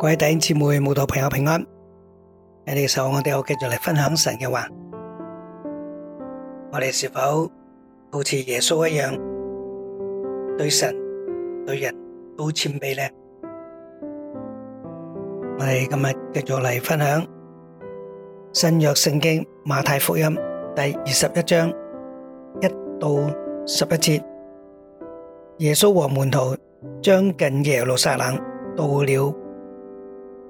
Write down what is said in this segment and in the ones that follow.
各位弟兄姊妹、信徒朋友平安，喺呢個時候我哋要繼續嚟分享神嘅話，我哋是否好似耶穌一樣對神對人都謙卑呢？我哋今日繼續嚟分享新約聖經馬太福音第二十一章一到十一節，耶穌和門徒將近耶路撒冷到了。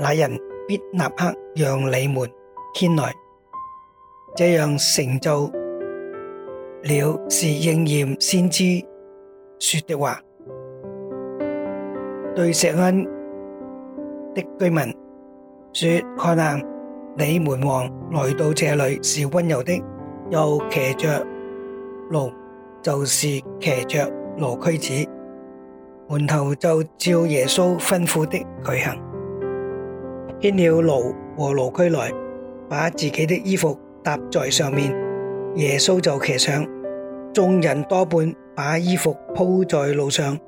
那人必立刻讓你們牽來，這樣成就了是應驗先知說的話。對錫安的居民說：看啊，你們王來到這裏是温柔的，又騎着驢，就是騎着驢駒子，門頭就照耶穌吩咐的舉行。牽了驢和驢駒來，把自己的衣服搭在上面。耶穌就騎上，眾人多半把衣服鋪在路上，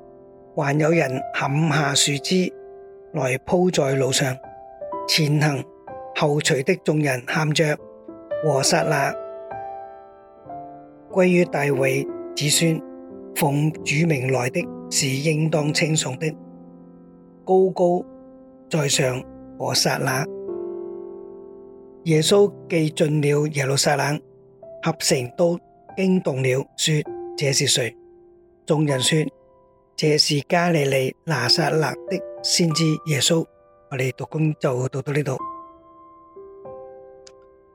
還有人砍下樹枝來鋪在路上。前行後隨的眾人喊着：和撒那歸於大衛子孫，奉主名來的是應當稱頌的，高高在上。和撒冷，耶穌既進了耶路撒冷，合城都驚動了，說：這是誰？眾人說：這是加利利拿撒勒的先知耶穌。我哋讀經就讀到呢度。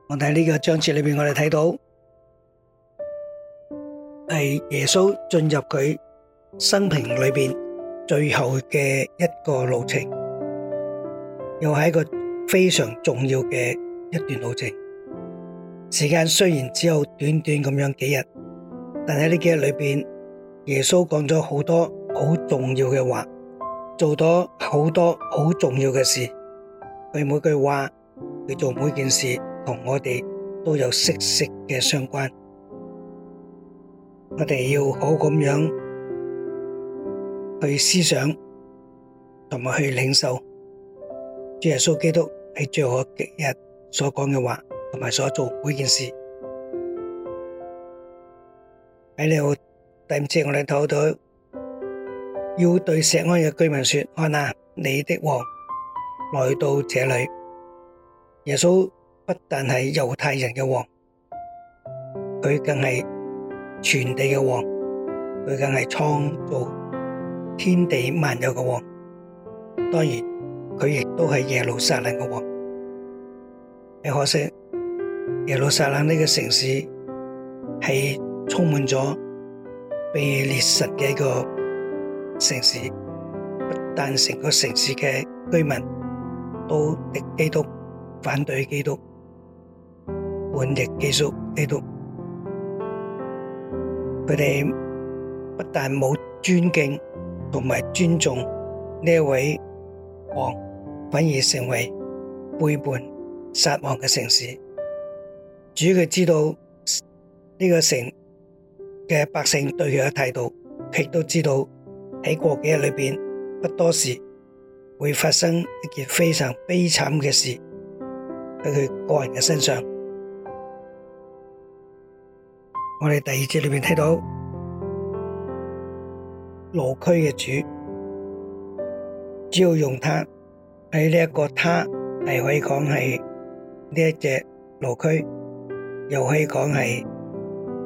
我睇呢個章節裏邊，我哋睇到係耶穌進入佢生平裏邊最後嘅一個路程。又係一個非常重要嘅，一段路程。時間雖然只有短短咁樣幾日，但喺呢幾日裏邊，耶穌講咗好多好重要嘅話，做咗好多好重要嘅事。佢每句話，佢做每件事，同我哋都有息息嘅相關。我哋要好咁樣去思想，同埋去領受。主耶穌基督喺最後幾日所講嘅話同埋所做每件事。喺呢度，第五節我哋睇到，要對錫安嘅居民說：看哪，你的王來到這裏。耶穌不但係猶太人嘅王，佢更係全地嘅王，佢更係創造天地萬有嘅王。當然。佢亦都係耶路撒冷嘅王，只可惜耶路撒冷呢個城市係充滿咗被列實嘅一個城市，不但成個城市嘅居民都敵基督、反對基督、叛逆基督、基督，佢哋不但冇尊敬同埋尊重呢一位王。反而成為背叛、殺亡嘅城市。主佢知道呢個城嘅百姓對佢嘅態度，佢亦都知道喺過幾日裏邊，不多時會發生一件非常悲慘嘅事喺佢個人嘅身上。我哋第二節裏邊睇到羅區嘅主，只要用他，喺呢一個他係可以講係呢一隻驢駒，又可以講係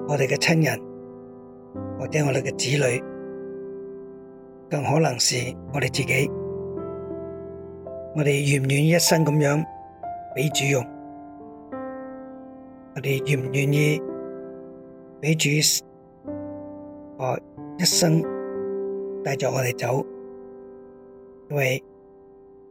我哋嘅親人，或者我哋嘅子女，更可能是我哋自己。我哋願唔願意一生咁樣俾主用？我哋願唔願意俾主哦一生帶着我哋走？因為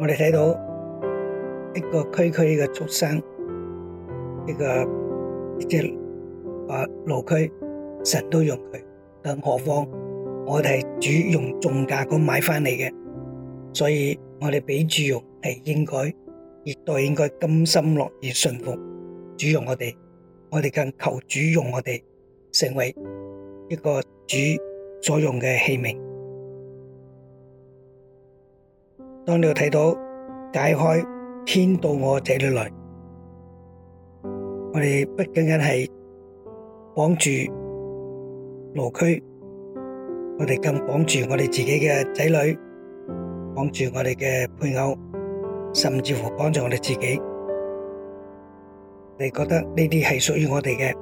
我哋睇到一個區區嘅畜生，呢個即係話驢駒，神都用佢，更何況我哋係主用重價咁買翻嚟嘅，所以我哋俾主用係應該，亦都應該甘心樂意順服主用我哋，我哋更求主用我哋，成為一個主所用嘅器皿。當你睇到解開牽到我這裏來，我哋不僅僅係綁住羅區，我哋更綁住我哋自己嘅仔女，綁住我哋嘅配偶，甚至乎綁住我哋自己，我哋覺得呢啲係屬於我哋嘅，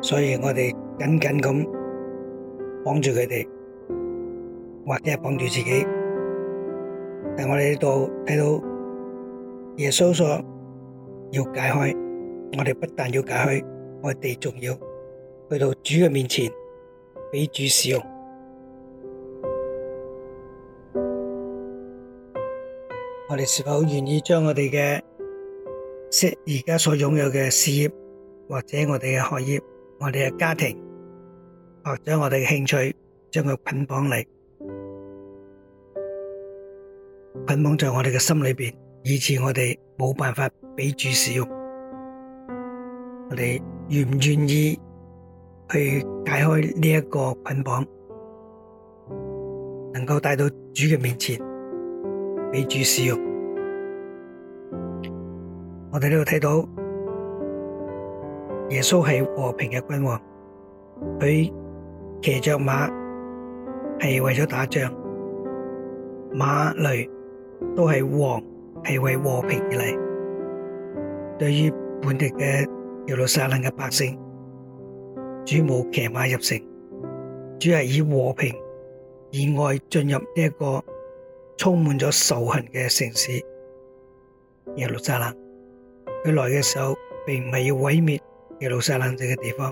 所以我哋緊緊咁綁住佢哋，或者係綁住自己。但係我哋呢度睇到耶穌說要解開，我哋不但要解開，我哋仲要去到主嘅面前俾主使用。我哋是否願意將我哋嘅，即而家所擁有嘅事業，或者我哋嘅學業、我哋嘅家庭，或者我哋嘅興趣，將佢捆綁嚟？捆綁在我哋嘅心裏邊，以致我哋冇辦法俾主使用。我哋願唔願意去解開呢一個捆綁，能夠帶到主嘅面前俾主使用？我哋呢度睇到耶穌係和平嘅君王，佢騎着馬係為咗打仗，馬雷。都係王，係為和平而嚟。對於本地嘅耶路撒冷嘅百姓，主冇騎馬入城，主係以和平，以外進入呢一個充滿咗仇恨嘅城市耶路撒冷。佢來嘅時候，並唔係要毀滅耶路撒冷這個地方，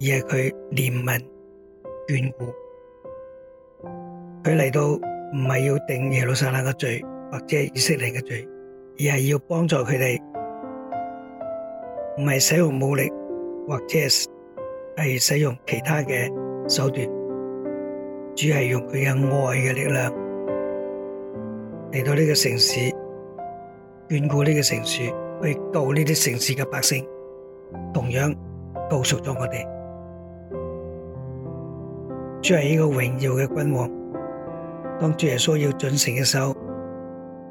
而係佢憐憫眷顧。佢嚟到。唔係要定耶路撒冷嘅罪或者以色列嘅罪，而係要幫助佢哋，唔係使用武力或者係使用其他嘅手段，只係用佢嘅愛嘅力量嚟到呢個城市眷顧呢個城市，去救呢啲城市嘅百姓，同樣告訴咗我哋，作為一個榮耀嘅君王。當主耶穌要進城嘅時候，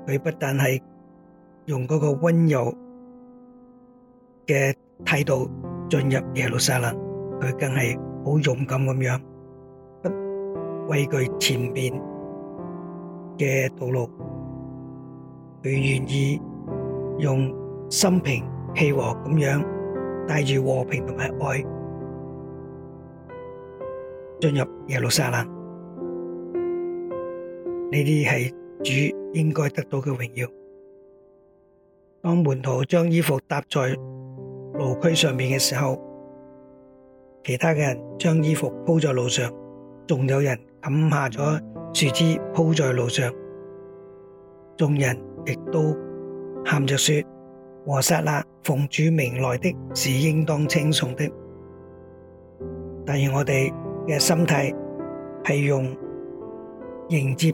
佢不但係用嗰個溫柔嘅態度進入耶路撒冷，佢更係好勇敢咁樣，不畏懼前面嘅道路，佢願意用心平氣和咁樣帶住和平同埋愛進入耶路撒冷。呢啲係主應該得到嘅榮耀。當門徒將衣服搭在驢駒上面嘅時候，其他嘅人將衣服鋪在路上，仲有人冚下咗樹枝鋪在路上。眾人亦都喊着說：和散那奉主名來的，是應當稱頌的。但係我哋嘅心態係用迎接。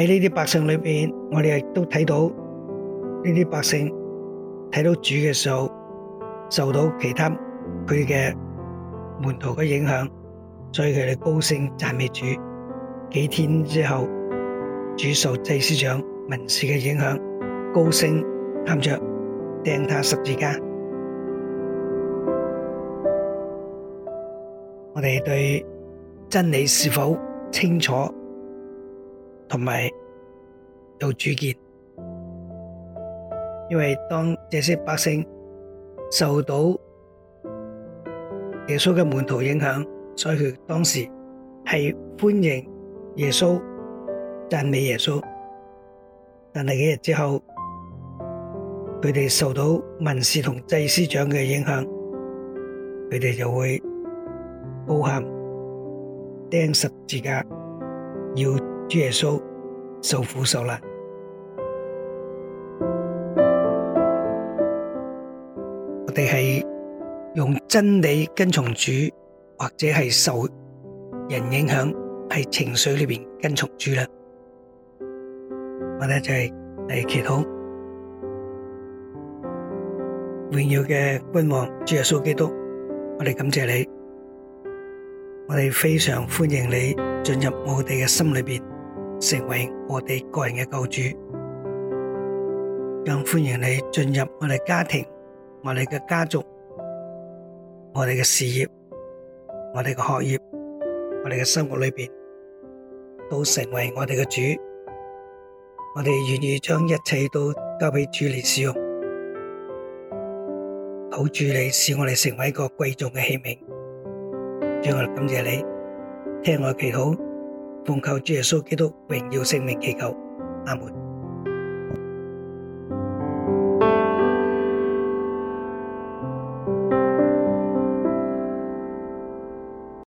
喺呢啲百姓裏面，我哋亦都睇到呢啲百姓睇到主嘅時候，受到其他佢嘅門徒嘅影響，所以佢哋高聲讚美主。幾天之後，主受祭司長、文士嘅影響，高聲喊著釘他十字架。我哋對真理是否清楚？同埋有主見，因為當這些百姓受到耶穌嘅門徒影響，所以佢當時係歡迎耶穌、贊美耶穌。但係幾日之後，佢哋受到文士同祭司長嘅影響，佢哋就會高喊釘十字架。要主耶穌受苦受難，我哋係用真理跟從主，或者係受人影響，係情緒裏面跟從主啦。我哋就係嚟祈禱，榮耀嘅君王主耶穌基督，我哋感謝你，我哋非常歡迎你。進入我哋嘅心裏邊，成為我哋個人嘅救主。更歡迎你進入我哋家庭、我哋嘅家族、我哋嘅事業、我哋嘅學業、我哋嘅生活裏邊，都成為我哋嘅主。我哋願意將一切都交俾主嚟使用，好主，你使我哋成為一個貴重嘅器皿。最後感謝你。聽我祈禱，奉求主耶穌基督榮耀聖名祈求，阿門。